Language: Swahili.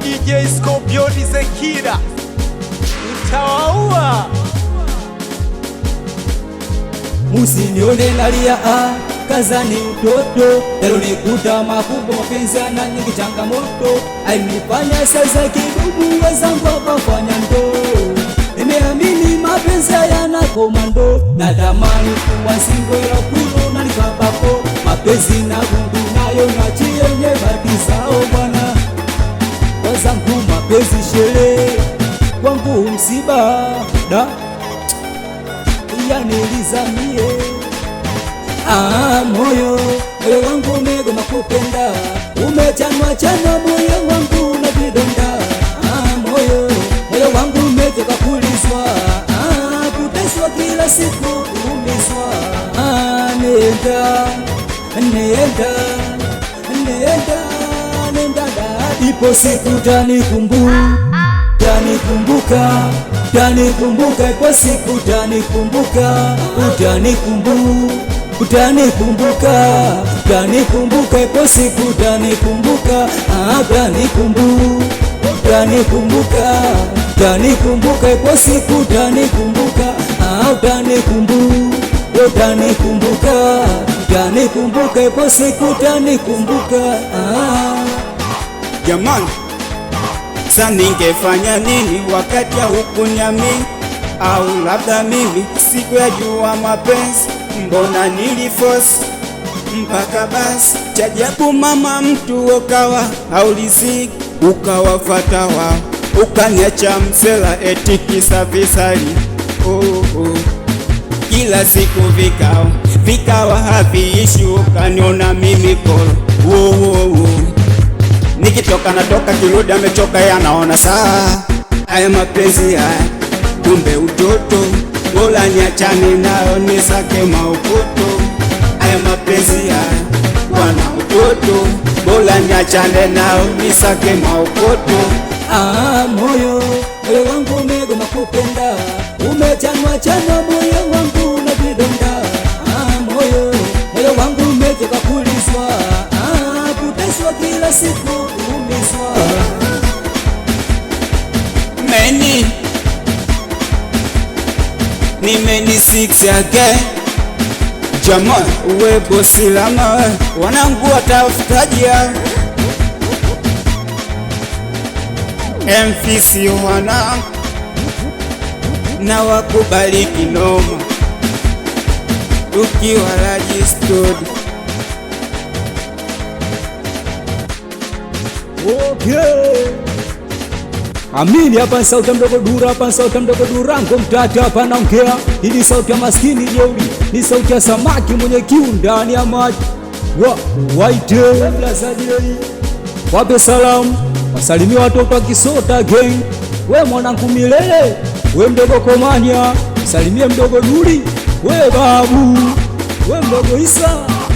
DJ Scorpio Zekira, nitawaua. Musinione nalia, kazani mtoto yalonikuta makubwa mapenza na nyingi changamoto ainifanya sasa kidugu wezanguapafanya ndo nimeamini mapenzi yanakoma ndo na singo ya kuno na nikapapo mapenzi na Mungu nayo yenye batizao bezi sherehe wangu msiba da yanilizamie ah, moyo moyo wangu umegoma kupenda, umechanwa chana moyo wangu na vidonda ah, moyo moyo wangu umetoka kulizwa ah, kuteswa kila siku kuumizwa ah, nenda nenda nenda Ipo siku tanikumbuka, tanikumbuka, tanikumbuka, ipo siku tanikumbuka, utanikumbuka utanikumbuka utanikumbuka, ipo siku utanikumbuka, utanikumbuka utanikumbuka, ipo siku utanikumbuka, utanikumbuka utanikumbuka, ipo siku utanikumbuka. Jamani, sa ningefanya nini wakati ya hukuniamini? Au labda mimi sikuyajua mapenzi, mbona nilifosi mpaka basi? Chajabu mama, mtu ukawa hauliziki, ukawafata wao, ukaniacha msela eti kisa visali. Oh, oh. Kila siku vikao vikawa haviishi, ukaniona mimi kolo. Oh, oh, oh nikitoka natoka kinudi amechoka yanaona saa haya mapenzi haya kumbe utoto bola niachane nayo nisake maupoto haya mapenzi haya wana utoto bola niachane nayo nisake maukoto ah, moyo moyo wangu umegoma kupenda umechanwa chanwa Many, ni many six again. Jamaa uwe bosi lama, wanangu watafutaja MVC na wakubali kinoma ukiwa rajistodi Okay. Amini hapa sauti mdogo dura, hapa sauti mdogo dura, ngo mtata hapa naongea. Hii sauti ya maskini jeuri, ni sauti ya samaki mwenye kiu ndani ya maji. Wa waite wape salamu, wasalimia watoto wa Kisota gang. We mwanangu milele, we mdogo Komanya, salimia mdogo Duli, we babu, we mdogo Isa